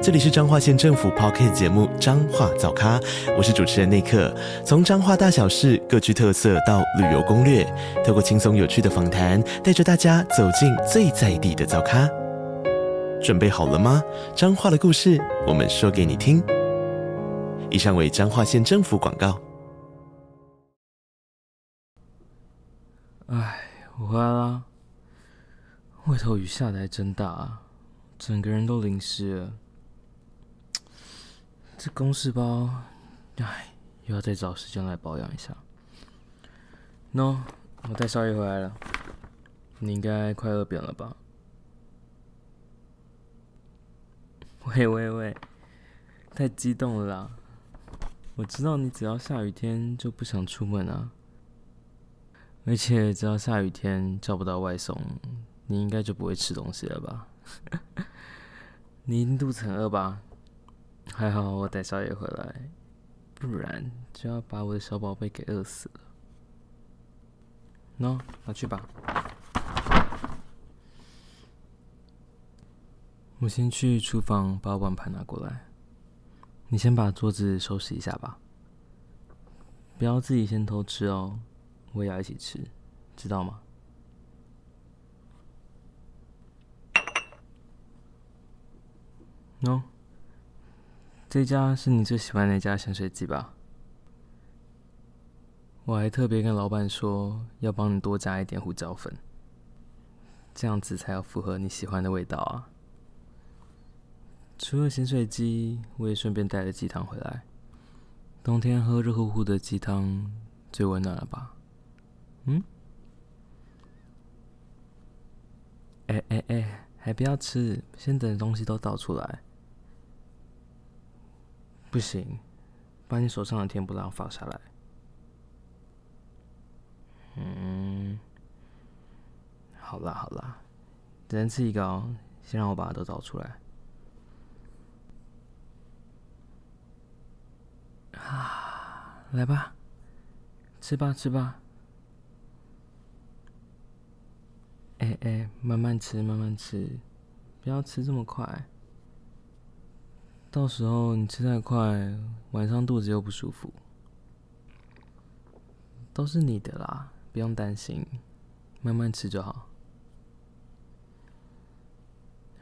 這裡是彰化縣政府 Podcast 節目《彰化早咖》，我是主持人內克。從彰化大小事各具特色到旅游攻略，透過輕鬆有趣的訪談，帶着大家走進最在地的早咖。準備好了嗎？彰化的故事，我們說給你聽。以上為彰化縣政府廣告。哎，我回來啦。外頭雨下的還真大啊，整個人都淋濕了。這公事包，哎，又要再找時間來保養一下。喏，我帶宵夜回來了，你應該快餓扁了吧？喂喂喂，太激動了啦！我知道你只要下雨天就不想出門啊，而且只要下雨天叫不到外送，你應該就不會吃東西了吧？ 你肚子很餓吧？還好我帶宵夜回來，不然就要把我的小寶貝給餓死了。喏，拿去吧。我先去廚房把碗盤拿過來，你先把桌子收拾一下吧。不要自己先偷吃哦，我也要一起吃，知道嗎？喏。這家是你最喜歡的一家鹹水雞吧？我還特別跟老闆說，要幫你多加一點胡椒粉，這樣子才要符合你喜歡的味道啊！除了鹹水雞，我也順便帶了雞湯回來。冬天喝熱乎乎的雞湯，最溫暖了吧？嗯？哎哎哎，還不要吃，先等東西都倒出來。不行，把你手上的甜不辣放下來。嗯，好啦好啦，只能吃一個哦，先讓我把它都找出來。啊，來吧，吃吧吃吧。哎、欸、哎、欸，慢慢吃慢慢吃，不要吃這麼快。到時候你吃太快，晚上肚子又不舒服，都是你的啦，不用擔心，慢慢吃就好。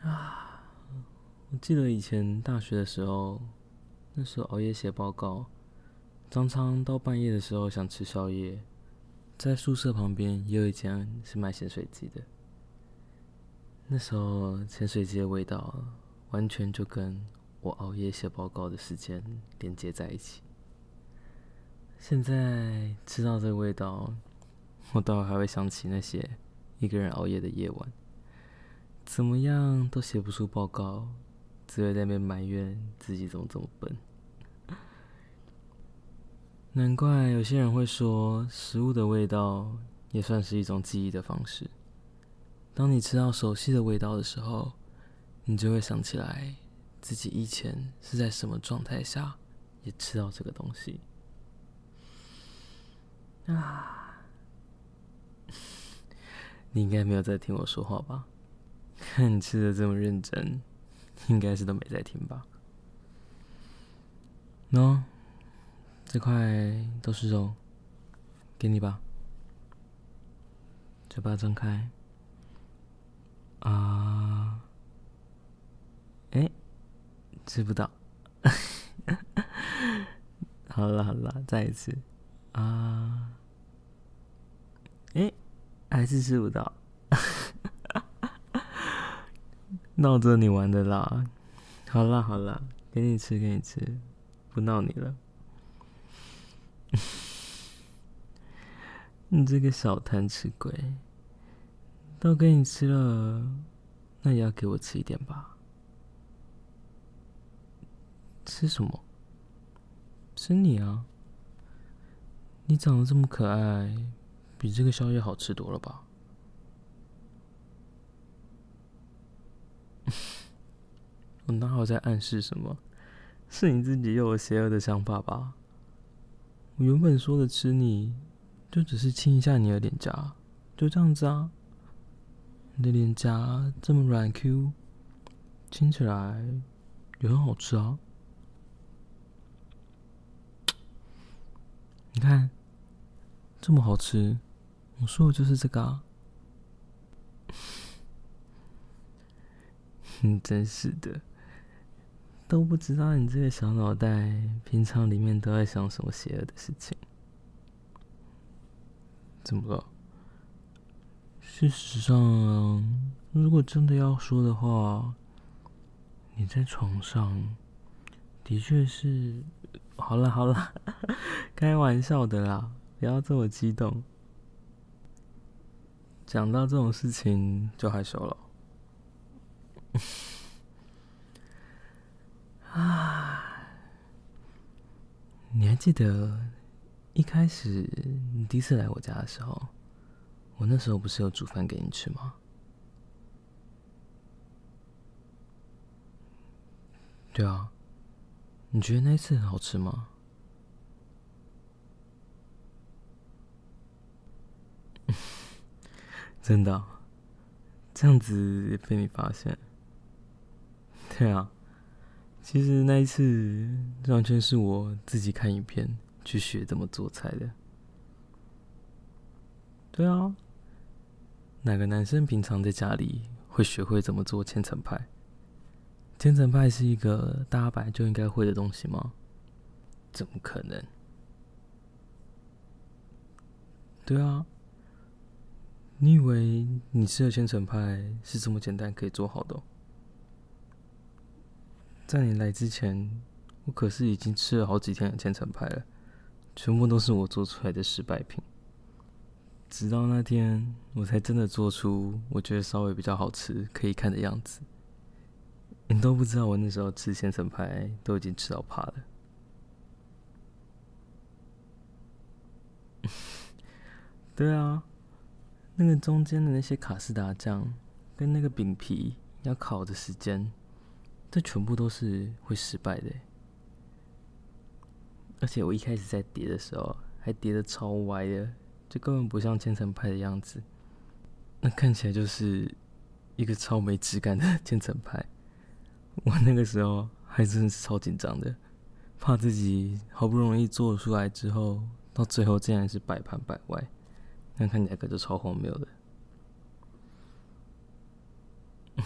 啊，我記得以前大學的時候，那時候熬夜寫報告，常常到半夜的時候想吃宵夜，在宿舍旁邊也有一間是賣鹹水雞的。那時候鹹水雞的味道，完全就跟……我熬夜寫報告的時間連接在一起。現在知道這個味道，我待會還會想起那些一個人熬夜的夜晚，怎麼樣都寫不出報告，只會在那邊埋怨自己怎麼這麼笨。難怪有些人會說，食物的味道也算是一種記憶的方式。當你吃到熟悉的味道的時候，你就會想起來。自己以前是在什麼狀態下也吃到這個東西啊？ 你應該沒有在聽我說話吧？看 你吃的這麼認真，應該是都沒在聽吧？喏、no，這塊都是肉，給你吧。嘴巴張開啊。Uh... 吃不到， 好了好了，再一次。啊！哎，還是吃不到，鬧 着你玩的啦！好了好了，給你吃給你吃，不鬧你了。 你這個小貪吃鬼，都給你吃了，那也要給我吃一點吧？吃什麼？吃你啊！你長得這麼可愛，比這個宵夜好吃多了吧？ 我哪有在暗示什麼？是你自己有邪惡的想法吧？我原本說的吃你，就只是親一下你的臉頰，就這樣子啊。你的臉頰這麼軟 Q，親起來也很好吃啊。你看，這麼好吃，我說的就是這個啊！哼， 真是的，都不知道你這個小腦袋，平常裡面都在想什麼邪惡的事情。怎麼了？事實上，如果真的要說的話，你在床上，的確是。好了好了，開玩笑的啦，不要這麼激動。講到這種事情就害羞了。唉， 你還記得一開始你第一次來我家的時候，我那時候不是有煮飯給你吃嗎？對啊。你覺得那一次很好吃嗎？ 真的哦，這樣子也被你發現。對啊，其實那一次完全是我自己看影片，去學怎麼做菜的。對啊，哪個男生平常在家裡會學會怎麼做千層派？千層派是一個大白就應該會的東西嗎？怎麼可能？對啊，你以為你吃的千層派是這麼簡單可以做好的？在你來之前，我可是已經吃了好幾天的千層派了，全部都是我做出來的失敗品。直到那天，我才真的做出我覺得稍微比較好吃、可以看的樣子。你都不知道，我那時候吃千層派都已經吃到怕了。對啊，那個中間的那些卡士達醬，跟那個餅皮要烤的時間，這全部都是會失敗的。而且我一開始在疊的時候，還疊得超歪的，就根本不像千層派的樣子。那看起來就是一個超沒質感的千層派。我那個時候還真的是超緊張的，怕自己好不容易做出來之後，到最後竟然是擺盤擺歪，那看起來可就超荒謬的。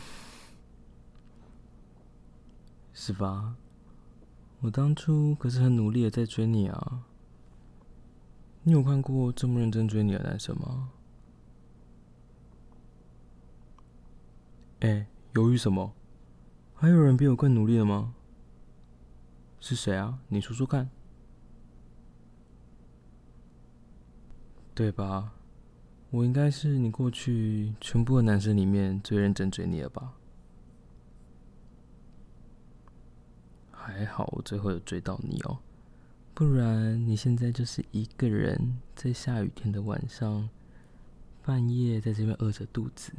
是吧？我當初可是很努力的在追你啊！你有看過這麼認真追你的男生嗎？哎、欸，猶豫什麼？還有人比我更努力的嗎？是誰啊？你說說看。對吧？我應該是你過去全部的男生裡面最認真追你了吧？還好我最後有追到你哦，不然你現在就是一個人在下雨天的晚上，半夜在這邊餓着肚子，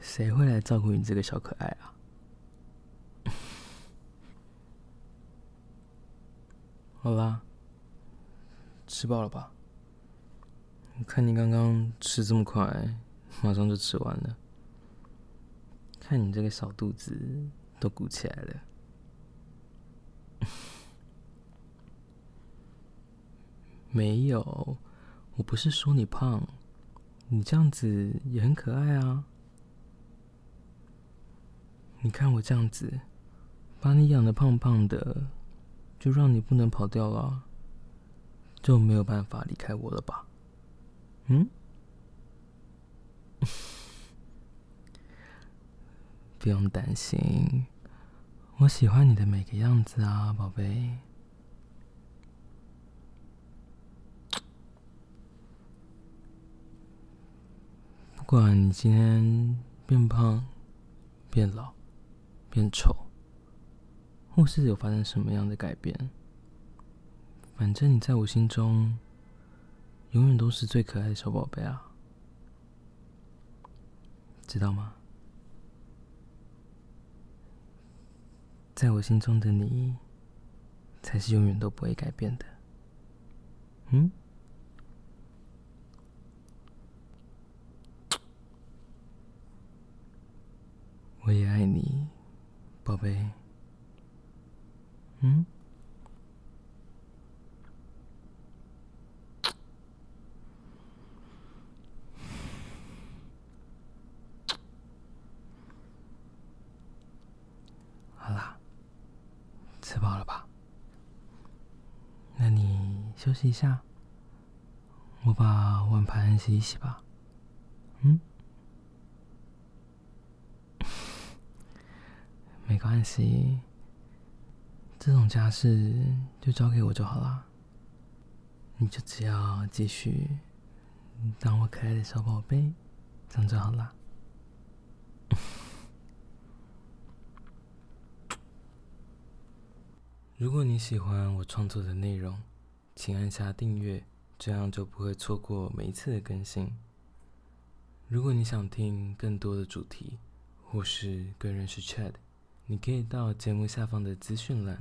誰會來照顧你這個小可愛啊？好啦，吃飽了吧？看你剛剛吃這麼快，馬上就吃完了。看你這個小肚子都鼓起來了。 沒有，我不是說你胖，你這樣子也很可愛啊。你看我這樣子，把你養的胖胖的。就讓你不能跑掉了，就沒有辦法離開我了吧？嗯， 不用擔心，我喜歡你的每個樣子啊，寶貝。不管你今天變胖、變老、變醜。或是有發生什麼樣的改變？反正你在我心中，永遠都是最可愛的小寶貝啊，知道嗎？在我心中的你，才是永遠都不會改變的。嗯，我也愛你，寶貝。嗯。 好啦，吃飽了吧？那你休息一下，我把碗盤洗一洗吧。嗯， 沒關係。這種家事就交給我就好了，你就只要繼續當我可愛的小寶貝，這樣就好了。 如果你喜歡我創作的內容，請按下訂閱，這樣就不會錯過每一次的更新。如果你想聽更多的主題，或是更認識 Chad，你可以到節目下方的資訊欄。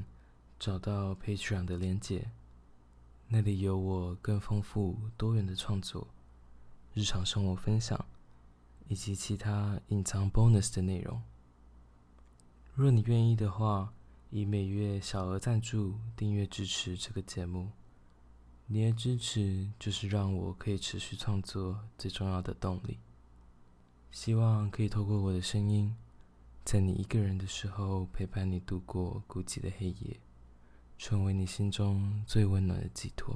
找到 Patreon 的連結，那裡有我更豐富多元的創作、日常生活分享以及其他隱藏 bonus 的內容。若你願意的話，以每月小額贊助訂閱支持這個節目，你的支持就是讓我可以持續創作最重要的動力。希望可以透過我的聲音，在你一個人的時候陪伴你度過孤寂的黑夜。成為你心中最溫暖的寄託。